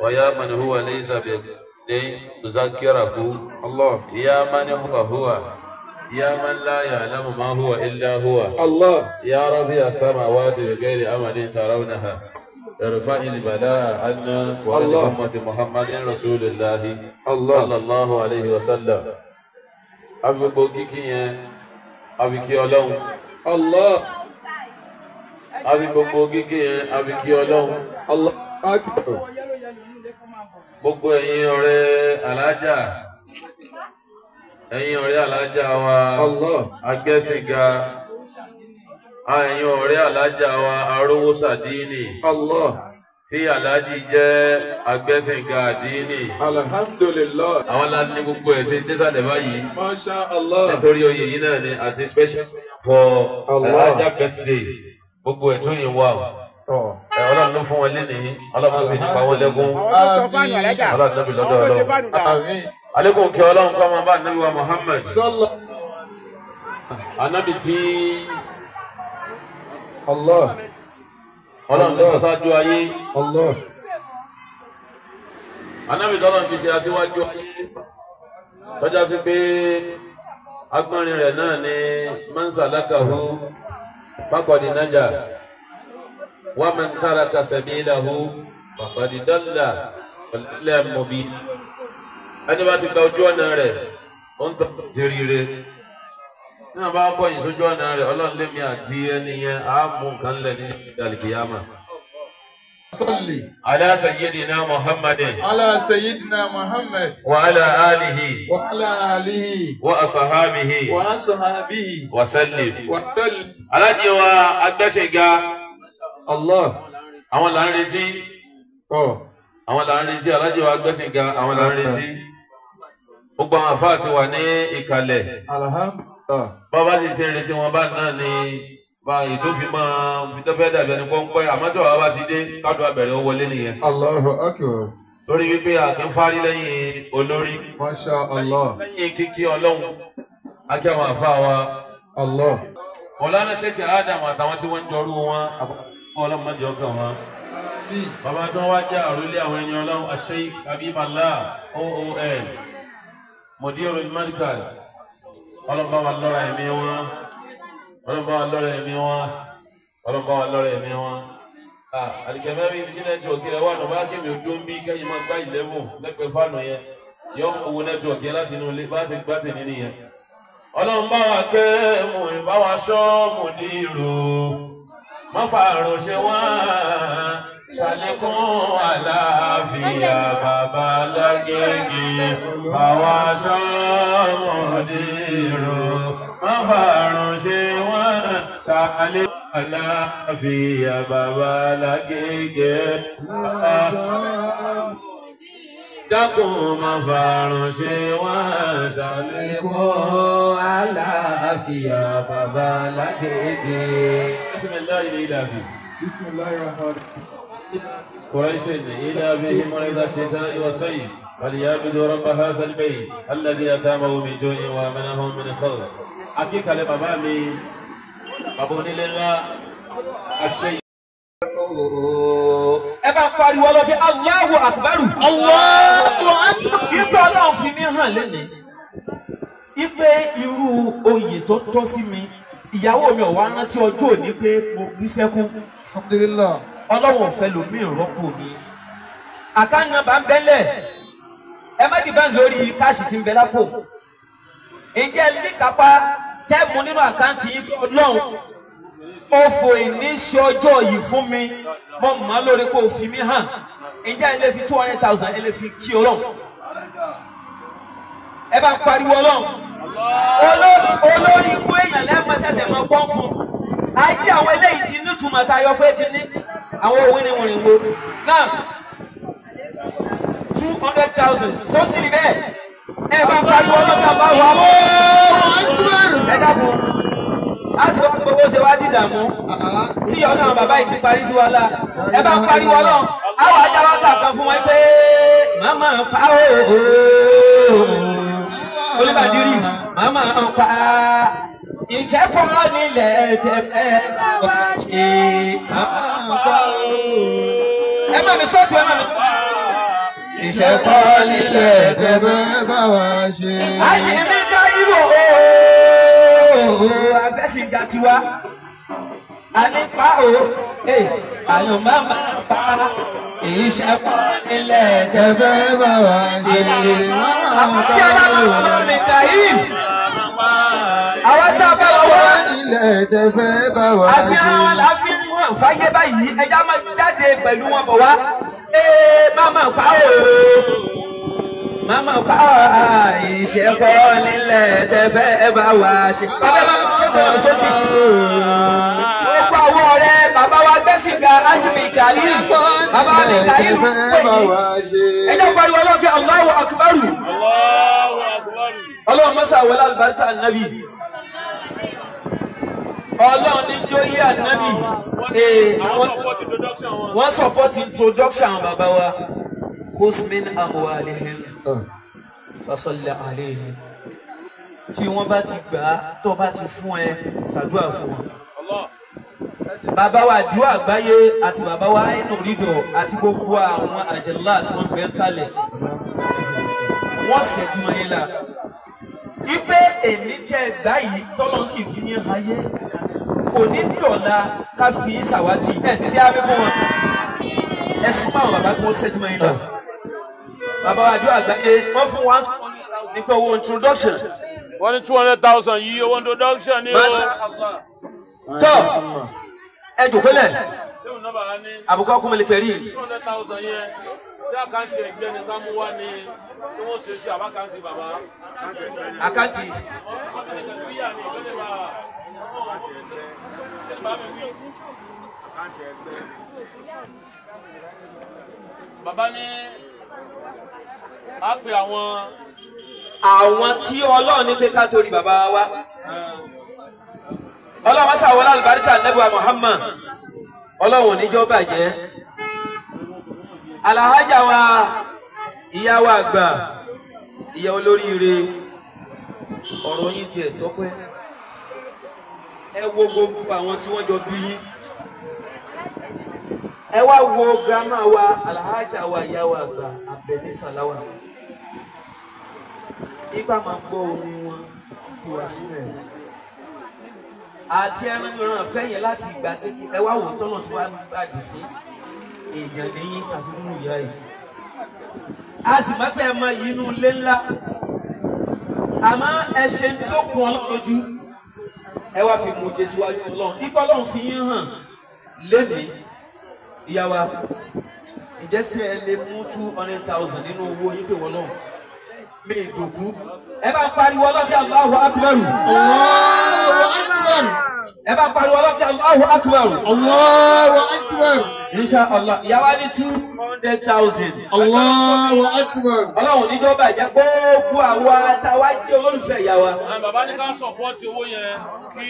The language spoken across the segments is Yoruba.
ويا من هو ليس بدي لنذكره الله يا من هو هو يا من لا يعلم ما هو إلا هو الله يا رب يا السماوات بغير أمل ترونها ارفع البلاء عنا وعن أمة محمد رسول الله الله صلى الله عليه وسلم agbogbo بوكيكي أبي abikí الله Allah. abigbogbo kíkí yẹn abikí ọlọ́run. gbogbo ẹ̀yin ọ̀rẹ́ alájà ẹ̀yin ọ̀rẹ́ alájà wa agbẹ́sìnga ẹ̀yin ọ̀rẹ́ alájà wa arówó sàdínì tí aláàjì jẹ́ agbẹ́sìnga àdínì. alhamdulilayi. àwọn aláàjì ní gbogbo ẹ̀ ti dẹ́sàdẹ̀ báyìí. masha allah. nítorí oyè yìí náà ni àti special for alájà birthday gbogbo ẹ̀ tún yìí wà. Wow ọlọ́run ló fún wọn lénìí ọlọ́run ló fi nípa wọn lẹ́gùn ọlọ́run ló fi lọ́dọ̀ ọlọ́run alekun kí ọlọ́run kọ́ ọmọ bá anabi wa muhammed anabi tí ọlọ́run ló sọ sáájú ayé anabi tọ́lọ́run fi ṣe aṣíwájú ayé tọ́já sí pé agbọ́nrin rẹ̀ náà ni mansalakahu bákọ́ni nájà wa man taraka sabilahu faqad dalla ọ̀lẹ́ mọ̀bí ẹni bá ti gba ojú ọ̀nà rẹ̀ ó ń tọ́ ti rire náà bá kọ̀yìn sójú ọ̀nà rẹ̀ ọlọ́run lémi àti ẹni yẹn á mú nǹkan lẹ̀ nínú ìdàlùkìyàmà. صلي على سيدنا محمد على سيدنا محمد وعلى آله وعلى آله وأصحابه وأصحابه وسلم وسلم على جوا أدشجا Allah àwọn là ń retí àwọn là ń retí alájẹ wa gbẹ́sìn ga àwọn là ń retí gbogbo àwọn àfáà ti wà ní ìkàlẹ̀ bàbá sì ti ń retí wọn bá náà ni bá ètò fi máa fitọ́fẹ́ dàbí ẹni kọ́ ń pẹ́ àmọ́ tí bàbá ti dé kádù abẹ̀rẹ̀ ó wọlé nìyẹn. Allahu akbar. torí wípé àkínfárí lẹ́yìn olórí. Masha Allah. lẹ́yìn kíkí ọlọ́run akẹ́wọ̀n àfa wa. Allah. ọ̀lànà ṣèkì Adam àtàwọn tí wọ́n ń jọrú wọn ọlọ́mọdé ọkàn wọn. bàbá tí wọ́n wá jẹ́ àròlé àwọn ẹni ọlọ́run Sheikh Habibullah ool Mudirul Markaz ọlọ́ba wa lọ́ra ẹ̀mí wọn ọlọ́ba wa lọ́ra ẹ̀mí wọn ọlọ́ba wa lọ́ra ẹ̀mí wọn. àdìgẹ́mẹ́ mi ibi tí nẹ́tíwọ̀kì rẹ̀ wà nù bá kémi ojú ń bí kẹ́yìn máa gbá ìlẹ́mù lẹ́gbẹ̀ẹ́ fáànù yẹn yọ owó nẹ́tíwọ̀kì yẹn láti inú ilé bá ti gbá tèmi nìyẹn. ọlọ́run bá wa kẹ́ mò ń bá wa ṣọ́ Mudiru má fàrùn ṣe wọ́n ṣàlékún àlàáfíà bàbá lágége bàwá sọ́mọdé rò má fàrùn ṣe wọ́n ṣàlékún àlàáfíà bàbá lágége bàwá rò dákun má fàrùn ṣe wá ṣàlékọ́ àlàáfíà bàbá lágbègbè. bisimilayi ni ilabi. bisimilayi rahman. قريش إلى به مريض الشتاء والصيف فليعبدوا رب هذا البيت الذي أتامه من جوع وآمنه من خوف. أكيد لبابا مي أبوني لله الشيء ẹ bá pariwo ọlọ́dẹ Allahu Akbar. Allahu Akbar. ipe ọlọ́run fi mí hàn lẹ́nìí ipe irú oyè tó tọ́ sí mi ìyàwó mi ò wá rántí ọjọ́ òní pé mo bí sẹ́kún. alhamdulillah. ọlọ́run ò fẹ́ lómi ìrọ́pò mi. àkáǹtì nọ́mbà ń bẹ́lẹ̀ ẹ má dìbẹ́ǹsì lórí káàṣì tí ń bẹ lápò. ǹjẹ́ níkápá tẹ́ẹ̀mù nínú àkáǹtì yìí ọlọ́run ó fò ìníṣẹ́ ọjọ́ yìí fún mi mo mọ̀ lórí pé o fi mí hàn ǹjẹ́ ẹ lè fi two hundred thousand ẹ lè fi kí ọlọ́run ẹ bá ń pariwo ọlọ́run olórí ikú èèyàn lẹ́ẹ̀mọ́ ṣẹ̀ṣẹ̀ mọ́ gbọ́n fún ayé àwọn eléyìí ti nítumọ̀ tayọ pé kíní àwọn òwe ni wòrìn wo náà two hundred thousand sọ́sì ni bẹ́ẹ̀ ẹ bá ń pariwo ọlọ́run tá a bá wà ẹ dàgbọ́ a sì fún gbogbo ṣe wá dìdààmú tí ọlọ́run bàbá yìí ti parí sí wa la ẹ bá pariwo náà a wà á dá wákà fún wọn pé màmá pa ó olùbàdìrì màmá pa ìṣẹ́pọ̀ nílẹ̀ jẹ́ fẹ́ bá ṣe màmá pa ó ẹ má mi sọ́ọ̀tì ẹ má mi ìṣẹ́pọ̀ nílẹ̀ jẹ́ fẹ́ bá wa ṣe. àjẹmí ká ìwò òhò abẹ́sìnjà tiwa ànípa o àyàn má má pa èyí ṣe pọ́ nílẹ̀ tẹ́fẹ́ bàbá ṣe lè má má pa o mi kà yìí àwọn tá a bá wọ nílẹ̀ tẹ́fẹ́ bàbá ṣe lè. àfihàn láfihàn wọn fàyè báyìí ẹja máa jáde pẹ̀lú wọn bọ̀ wá ẹ má má pa o mama pa ah, ah, ìṣẹ́pọ̀ nílẹ̀ tẹ́fẹ́ bá wà ṣe. bàbá bá ti tọ̀ sósì. gbogbo àwọn ọ̀rẹ́ bàbá wa gbẹ́sì ga ájúmi kàlí bàbá mi kàlí ló ń pè yín. ẹ jẹ́ pariwo ọlọ́gbẹ́ Allahu akbaru. ọlọ́run mọ́sá wọlé àlùbáríkà nàbì. ọlọ́run ní jóyè ànábì. Eh, wọ́n support introduction bàbá wa. khus min amwalihim fasọlẹ àlẹ yìí tí wọ́n bá ti gbà á tó bá ti fún ẹ ṣàdúrà fún wọn. bàbá wa àdúrà àgbáyé àti bàbá wa àìnà rídọ̀ àti gbogbo àwọn àjẹlá tí wọ́n gbé kalẹ̀ wọ́n ṣẹ̀jú mọ́ yín la Ipe èmi tẹ́ gbá yìí tọ́lọ́ sì fi yín ayé kò ní dọ̀la ká fi yín ṣàwátì ẹ̀ sì sí abẹ́ fún wọn ẹ súnmọ́ àwọn bàbá kó ṣẹ́jú mọ́ yín la. Uh bàbá àjọ àgbáyé wọ́n fún wa nípa owó introduction. wọ́n ní two hundred thousand yìí owó introduction ní o. tọ́ ẹ jòkólẹ̀ àbùkù ọkùnrin pẹ̀lú. two hundred thousand yẹn ṣé àkáǹtì ẹgbẹ́ ni sáà mú wá ní tí wọ́n ṣe a pè àwọn. àwọn tí ọlọ́run ní pé ká torí bàbá wa ọlọ́run wáṣà wọlé àlùbáríkà nẹ́bùwà Muhammad ọlọ́run oníjọ́ bàjẹ́ alahajà wa ìyá wa àgbà ìyá olóríire ọ̀rọ̀ yín tiẹ̀ tọ́pẹ́ ẹ wo gbogbo àwọn tí wọ́n jọ bí yín ẹ wá wo grandma wa alhaja wa ìyá wa àgbà abẹni salawa nígbà máa ń gbọ́ orin wọn kí wá sílẹ̀ àti ẹran ìran fẹyẹ láti ìgbà kékeré ẹ wá wò tọ́lọ̀ sí wa gbàdì sí èèyàn lẹ́yìn àfi nínú ìyá yìí a sì má fẹ́ mọ inú ilé ńlá àmọ́ ẹ ṣe tí ó kún ọ lójú ẹ wá fi mú jésù wájú Ọlọ́run nígbà Ọlọ́run fi yín hàn lénìí ìyá wa ǹjẹ́ sí ẹ lè mú two hundred thousand nínú owó yín pé wọ́n náà mi ìdòkú ẹ bá pariwo ọlọ́bí Allahu akbar. Allahu akbar. ẹ bá pariwo ọlọ́bí Allahu akbar. Allahu akbar. insha allah ìyá wa ní two hundred thousand. Allahu akbar. ọlọ́run níjọ́ bàjẹ́ gbogbo àwa táwa jẹ́ olólùfẹ́ ìyá wa. bàbá ní ká sọ̀pọ̀ ti owó yẹn kí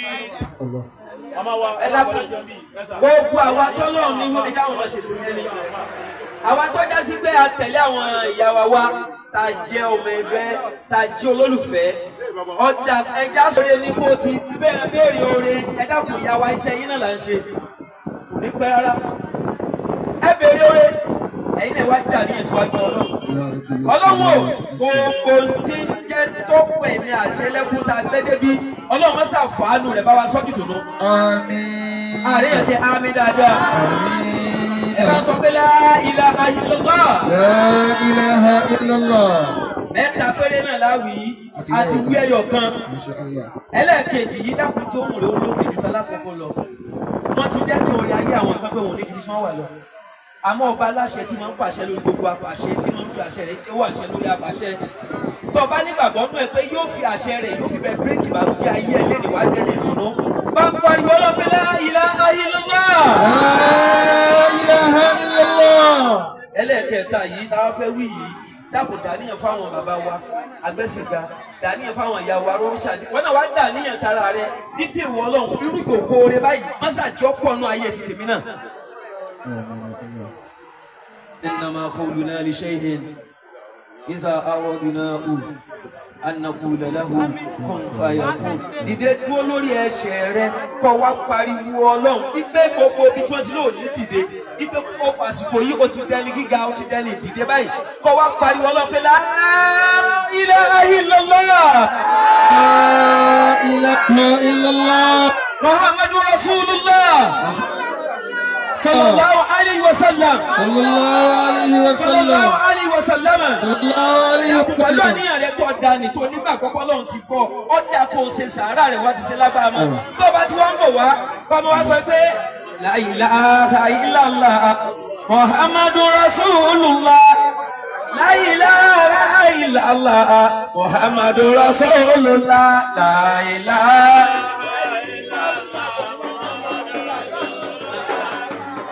ẹ lápò gbogbo àwa tọ́lọ̀ ní wọ́n ẹja àwọn ọ̀sẹ̀ tó ń délé àwa tó já sí pé a tẹ̀lé àwọn ìyá wa wá tá a jẹ́ ọmọ ẹgbẹ́ tá a olólùfẹ́ ọjà ẹja sọ̀rọ̀ ní kó ti bẹ́ẹ̀ béèrè oore ẹ̀dá kò yá iṣẹ́ yín náà là ń ṣe kò ní pẹ́ rárá ẹ béèrè oore ẹ̀yin náà wá jà ní ìṣíwájú ọlọ́run gbogbo tí ń jẹ́ tó pè ní àtẹlẹ́kùn tá a gbé débi ọlọ́run rẹ̀ bá wa sọ́kì dùnú. ààrẹ yẹn ṣe àmín dáadáa ẹ bá sọ pé la ilaha illallah. la mẹ́ta péré náà láwìí àti wí ẹyọ kan ẹlẹ́ẹ̀kejì yìí dákun tó ń rè ó lókè ju tọ́lá lọ wọ́n ti dẹ́kun orí ayé àwọn kan wọn ò ní wọ́n wà lọ àmọ́ ọba aláṣẹ tí máa ń pàṣẹ lórí gbogbo apàṣẹ tí máa ń fi àṣẹ rẹ̀ jẹ́wọ́ àṣẹ lórí apàṣẹ tọba nígbàgbọ́ nú ẹ pé yóò fi àṣẹ rẹ̀ yóò fi bẹ bíríkì ìbànújẹ́ ayé ẹ lé níwájú ẹ nínú bá ń pariwo ọlọ́pẹ́ láàyè láàyè lọ́lá. láàyè ẹlẹ́ẹ̀kẹta yìí táwa fẹ́ wí yìí dàpọ̀ dàníyàn fáwọn bàbá wa agbẹ́sìnga dàníyàn fáwọn ìyá wa rọ́ṣà wọn náà wá dàníyàn tara rẹ nípìn ìwọ ọlọ́run irú ìkòkò rẹ báyìí mọ́sàjọ́ pọ̀ nù ayé ti tèmi náà. إنما قولنا لشيء إذا أردناه أن نقول له كن فيكون dìde dúró lórí ẹsẹ̀ rẹ kó wá pariwo Ọlọ́run ipe gbogbo ibi tí wọ́n ti lóò ní dìde ipe kó fàsìkò yìí ó ti dẹni gíga ó ti dẹni dìde báyìí kó wá pariwo Ọlọ́run pé la ilaha illallah. la ilaha illallah. Sallallahu الله wasallam. Sallallahu صلى wasallam. Sallallahu وسلم wasallam. Sallallahu عليه wasallam. صلى الله àníyàn rẹ tó da ni tó nígbàgbọ́ pọ́lọ́run ti kọ́ ọ́ dà kó o ṣe sàárà rẹ̀ wá ti ṣe lágbára mọ́ ah. tó bá ti wá ń bọ̀ wá kọ́mọ wá sọ pé la ilaha muhammadu rasulullah la ilaha muhammadu rasulullah la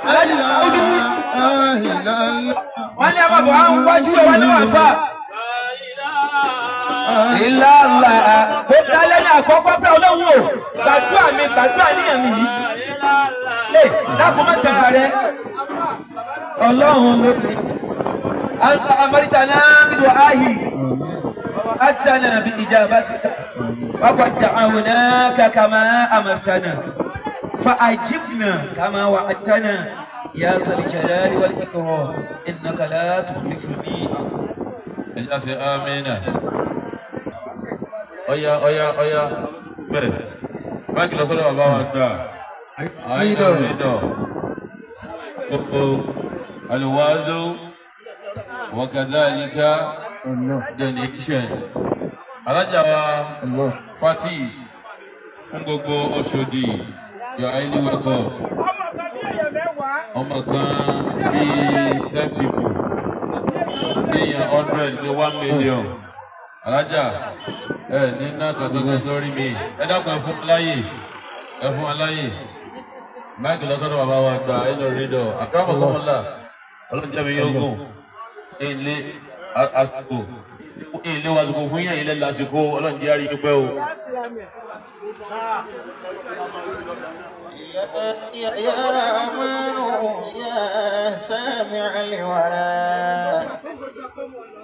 wọ́n ní ẹ máa bọ̀ wọ́n wájú ẹ̀ wọ́n ní wọ́n fà. ìlàlà ó dálẹ́ ní àkọ́kọ́ pé olówó gbàdúrà mi gbàdúrà níyàn mi yìí. ẹ dákun má tẹ̀ka rẹ ọlọ́run ló bí. amọ̀rìtà náà ń lo ààyè àtànà bí ìjà bá ti ta. wọ́n kọ́ dàwọn náà kàkà máa àmọ̀tànà. فأجبنا كما وعدتنا يا ذا الجلال والإكرام إنك لا تخلف الميعاد ẹja ṣe amina ọya ọya ọya bẹ́ẹ̀ báńkì lọ sọ́dọ̀ bàbá wa gbà àìdọ ìdọ gbogbo àlùwádó wọkàdá àyíká donation alájà wa fatih fún gbogbo Ọ̀ṣọ́dì you are anywhere go. ọmọ kan bíi ten people bíi hundred ní one million alájà ẹ ní náà tọ̀tọ̀tọ̀ tó rí mi ẹ dákun ẹ fún aláyè ẹ fún aláyè máìkì lọ́sọ̀dọ̀ bàbá wa gba ẹnu rídọ̀ àkàràmọ̀ kọ́mọ́lá ọlọ́jọ́ mi yóò gùn ilé àsìkò ilé wa àsìkò fún yẹn ilé lásìkò ọlọ́jọ́ yàrá yín pẹ́ o. يا يا من يا سامع الورى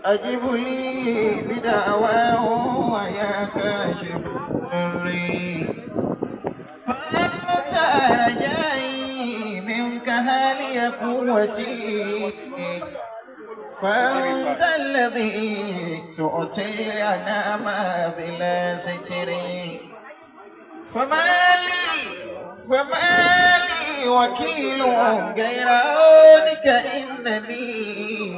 أجب لي بدعواه ويا كاشف ضري فأنت رجائي منك هالي قوتي فأنت الذي تؤتي ما بلا ستري فما لي فما لي وكيل غير عونك إنني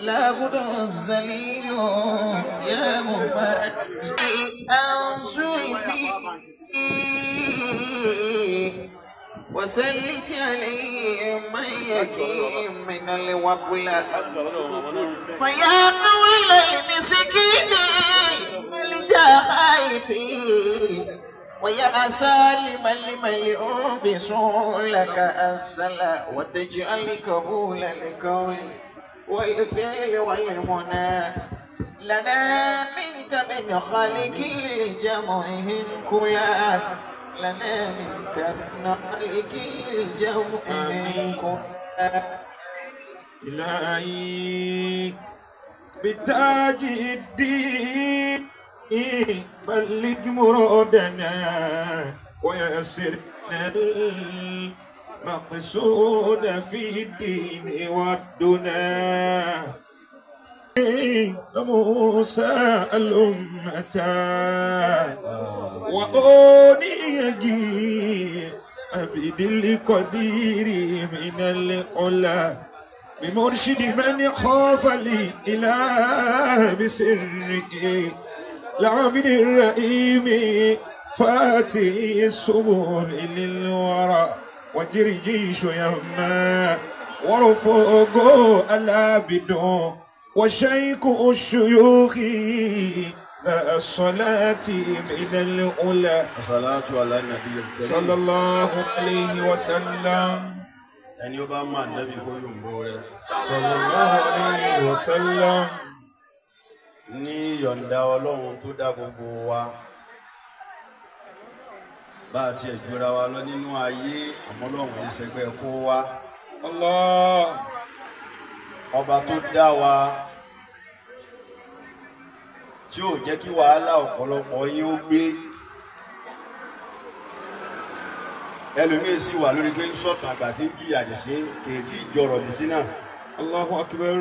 لابد زليل يا مفاد أنصري في وسلت عليه من يكيم من الوبلاء فيا قول المسكين لجاهي فيه ويا سالما لمن في لك أسلا وتجعل قبول القول والفعل والمنى لنا منك من خالقي لجمعهم كلا لنا منك من خالقي لجمعهم كلا إلهي بتاج الدين بلغ مرادنا ويسر المقصود في الدين والدنا موسى الأمة وأوني عبد القدير من القلى بمرشد من خاف لي إله بسرك لعبد الرئيم فاتي السبل للورى وجرجيش يما ورفوق العبد وشيخ الشيوخ لا الصلاة من الأولى الصلاة على النبي الكريم صلى الله عليه وسلم أن يبقى مع النبي كل صلى الله عليه وسلم ní yọ̀ǹda ọlọ́run tó dá gbogbo wa bá a tiẹ̀ gbéra wa lọ nínú ayé àmọ́ ọlọ́run yìí ṣẹgbẹ́ kó wa. ọba tó dá wa tí ò jẹ́ kí wàhálà ọ̀pọ̀lọpọ̀ yín ó gbé ẹlòmíín sì wà lórí pé ń sọ̀tàn àgbà tí ń jìyà jù sí kèétí ìjọrọ̀ jù sí Allahu akbar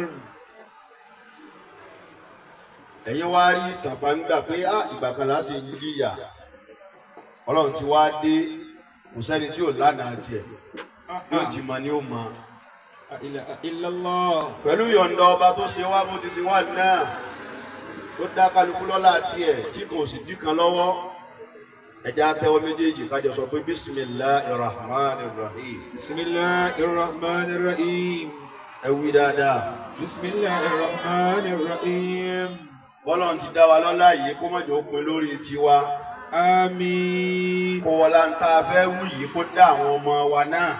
ẹ̀yin wá rí tàpá ń gbà pé á ìgbà kan láti jìyà ọlọ́run ti wá dé kò sẹ́ni tí ò lánàá tiẹ̀ yóò ti mọ ni ó mọ. pẹ̀lú yọ̀ǹda ọba tó ṣe wá bó ti ṣe wá náà tó dá kálukú lọ́la tiẹ̀ tí kò sì dí kan lọ́wọ́ ẹ̀já tẹ́wọ́ méjèèjì kájọ sọ pé bisimilahi rahman rahim. bisimilahi rahman rahim. ẹ wí dáadáa. bisimilahi rahman rahim bọ́lọ́n ti dá wa lọ́lá yìí kó mọ̀jọ́ pin lórí tiwa. àmín. kó wọlá ń tá fẹ́ wù yìí kó dá àwọn ọmọ wa náà.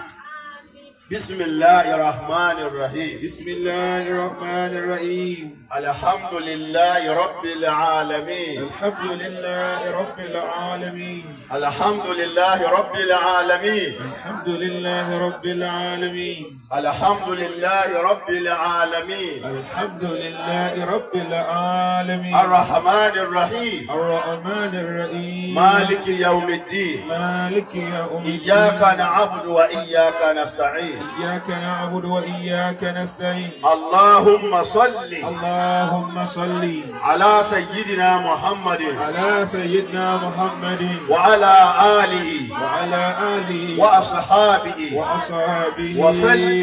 bisimilahi rahmani rahim. bisimilahi rahmani rahim. alhamdulilayi rabbil alamin. alhamdulilayi rabbil alamin. alhamdulilayi rabbil alamin. alhamdulilayi rabbil alamin. الحمد لله رب العالمين الحمد لله رب العالمين الرحمن الرحيم الرحمن الرحيم مالك يوم الدين مالك يوم الدين إياك نعبد وإياك نستعين إياك نعبد وإياك نستعين اللهم صل اللهم صل على سيدنا محمد على سيدنا محمد وعلى آله وعلى آله وأصحابه وأصحابه وصلي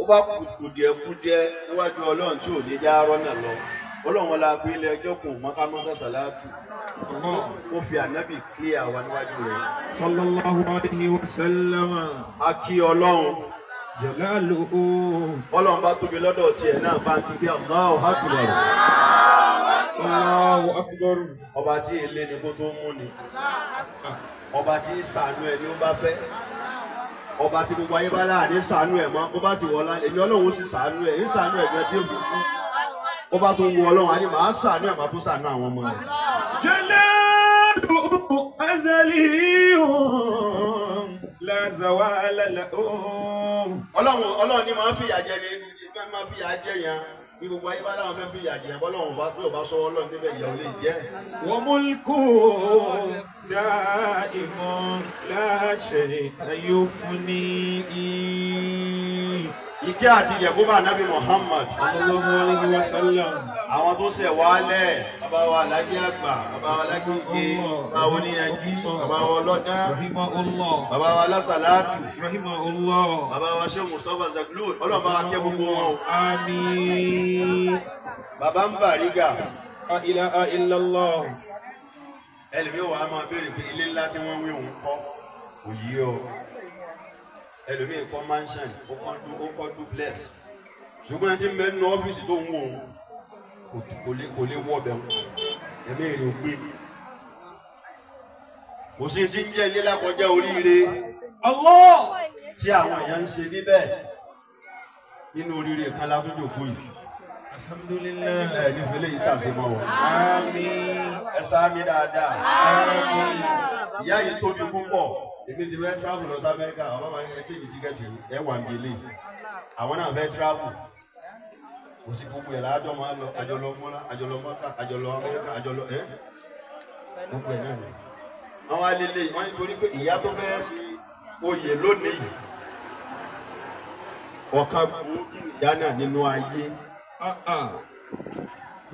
ó bá kùdìẹ̀ kùdìẹ̀ níwájú ọlọ́run tí ò ní dá rọ́nà lọ ọlọ́run la gbé ilé ẹjọ́ kò mọ́ ká mọ́ ó fi ànábì kílẹ̀ àwa níwájú rẹ̀. sallallahu alayhi wa sallam. a kí ọlọ́run. jalalu. ọlọ́run bá tóbi lọ́dọ̀ tiẹ̀ náà bá ń kí bí Allahu akbar. Allahu akbar. ọba tí èlé ni kó tó mú ni ọba tí sànú ẹ ni ó bá fẹ́ ọba tí gbogbo ayé bá láàdé sànú ẹ̀ mọ́ bó bá sì wọlá èmi ọlọ́run sì sànú ẹ̀ ń sànú ẹ̀ gan tí òkú kú bó bá tó wu ọlọ́run á ní màá sànú ẹ̀ màá tó sànú àwọn ọmọ rẹ̀. jẹ́lẹ́ dùn azali lazawa lala. ọlọ́run ọlọ́run ni màá fìyà jẹ ni màá fìyà jẹ yẹn bí gbogbo ayé bá láwọn fẹ́ fi ìyà jẹ bọ́ bá pé ò sọ ọlọ́run níbẹ̀ ìyà lè jẹ́. wọ́n mú kú dá ìmọ̀ láṣẹ ayọ̀ fún ní í ìkẹ́ àti yẹ̀kúbà nábì Muhammad. sallallahu alayhi wa sallam. àwọn tó ṣe wálẹ̀ bàbá wa alájí àgbà bàbá wa alágbègbè bàbá wa oníyanjú bàbá wa ọlọ́dán bàbá wa alásàlátù bàbá wa ṣe mùsọ́fà zaglud ọlọ́ba wa kẹ́ gbogbo wọn. àmín. bàbá ń bàrígà. la ilaha illallah. ẹlẹ́mi wa máa béèrè pé ilé ńlá tí wọ́n wí òun kọ́ kò yí o ẹlòmíì kọ́ mansion ó kọ́ duplex ṣùgbọ́n ẹni tí ń bẹ nínú ọ́fíìsì tó ń wò ó kò lè wọ́ ọ̀bẹ̀ wọn ẹ̀mí èrè ògbé kò sí ti ń jẹ́ ilé lákọjá oríire ọlọ́ tí àwọn èèyàn ń ṣe níbẹ̀ nínú oríire kan látúndòkú yìí alhamdulilayi ẹ ní fẹlẹ yìí ṣàfihàn wọn ẹ sáà mi dáadáa ìyá yìí tóbi púpọ̀ èmi ti fẹ́ travel lọ sí amẹ́ríkà àwọn máa ma ní ẹ tíyẹ̀jì tíkẹ́ẹ̀tì ẹ wà níbi ilé àwọn náà fẹ́ travel kò sí gbogbo ẹ̀ láàjọ máa lọ àjọlọ mọ́lá àjọlọ mọ́ká àjọlọ amẹ́ríkà àjọlọ ẹ́ gbogbo ẹ̀ náà ni wọ́n wá lélẹ̀ wọ́n nítorí pé ìyá tó fẹ́ oyè lónìí ọ̀kan dáná nínú ayé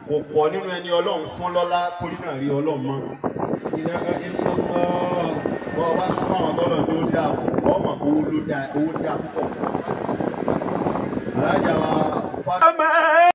kò pọ̀ nínú ẹni ọlọ́run fún lọ́lá torí náà rí ọlọ́run mọ́ bọ́ ọ bá sọ fún àwọn tọ́lọ̀ ní ó dáa fún ọmọ kó owó dáa púpọ̀ alájà wa.